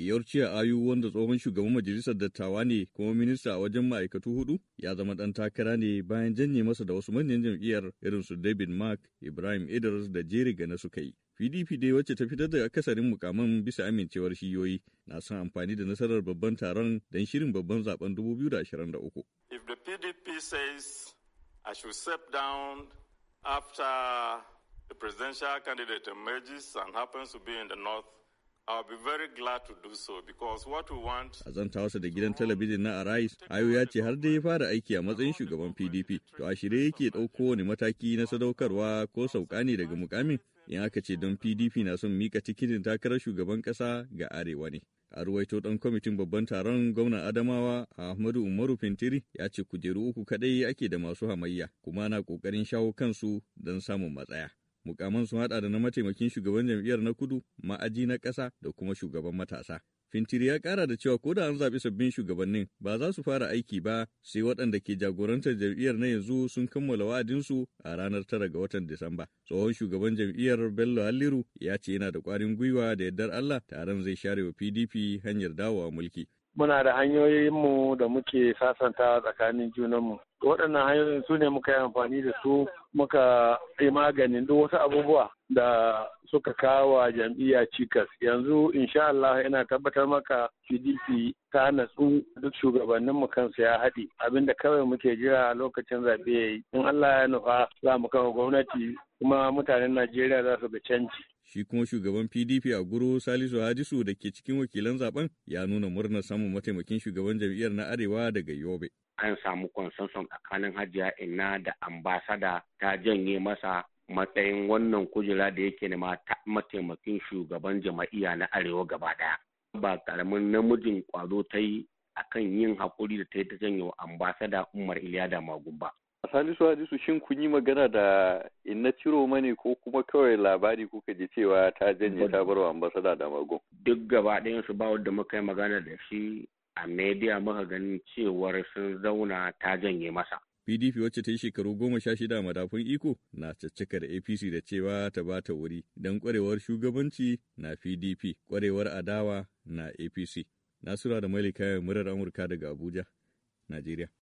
a Ayu wanda tsohon shugaban majalisar dattawa ne kuma minista a wajen ma'aikatu hudu ya zama dan takara ne bayan janye masa da wasu manyan jam'iyyar irin su David Mark, Ibrahim Idris da Jerry Gana suka yi. PDP dai wacce ta fitar da akasarin mukaman bisa amincewar shiyoyi na son amfani da nasarar babban taron don shirin babban zaben 2023. If the PDP says I should step down after the presidential candidate emerges and happens to be in the north A zanta wasa da gidan talabijin na Arise, Ayo ya ce har da ya fara aiki a matsayin shugaban PDP, to a shirye yake ɗauko wani mataki na sadaukarwa ko sauka ne daga mukamin in aka ce don PDP na son mika tikitin takarar shugaban ƙasa ga arewa ne. a ruwaito dan kwamitin babban taron gwamnan adamawa ahmadu umaru fintiri ya ce kujeru uku kaɗai ake da masu hamayya kuma na kokarin shawo kansu don samun matsaya Mukaman sun hada da na mataimakin shugaban jam'iyyar na kudu, ma'aji na ƙasa da kuma shugaban matasa. Fintiri ya kara da cewa ko da an zaɓi sabbin shugabannin ba za su fara aiki ba sai waɗanda ke jagorantar jam'iyyar na yanzu sun kammala wa'adinsu a ranar tara ga watan Disamba. Tsohon shugaban jam'iyyar Bello Halliru ya ce yana da ƙwarin gwiwa da yardar Allah taron zai share wa PDP hanyar dawowa mulki. muna da hanyoyinmu da muke sasantawa tsakanin junanmu waɗannan hanyoyin su ne muka yi amfani da su muka yi maganin duk wasu abubuwa da suka kawo jam'iyya cikas yanzu insha Allah ina tabbatar maka PDP ta natsu duk shugabanninmu kansu ya haɗi abinda kawai muke jira lokacin zaɓe ya yi in Allah ya nufa za mu kawo gwamnati kuma mutanen Najeriya za su ga canji Shi kuma shugaban PDP a guru Salisu Hadisu da ke cikin wakilan zaben ya nuna murnar samun mataimakin shugaban jam'iyyar na Arewa daga Yobe. An samu konsensus tsakanin Hajiya Inna da ambasada ta janye masa matsayin wannan kujera da yake nema ta mataimakin shugaban jama'iyya na Arewa gaba ɗaya. Ba karamin namijin kwazo ta yi akan yin haƙuri da ta yi ta janye wa ambasada Umar Iliya da Salisu Hadisu shin kun yi magana da in ciro mani ko kuma kawai labari kuka ji cewa ta janye ta bar wa ambasada da mago. Duk gaba su ba wanda muka yi magana da shi a media muka ganin cewar sun zauna ta janye masa. PDP wacce ta yi shekaru goma sha shida a madafun iko na caccaka da APC da cewa ta ba ta wuri don kwarewar shugabanci na PDP kwarewar adawa na APC. Nasura da Malika murar Amurka daga Abuja, Najeriya.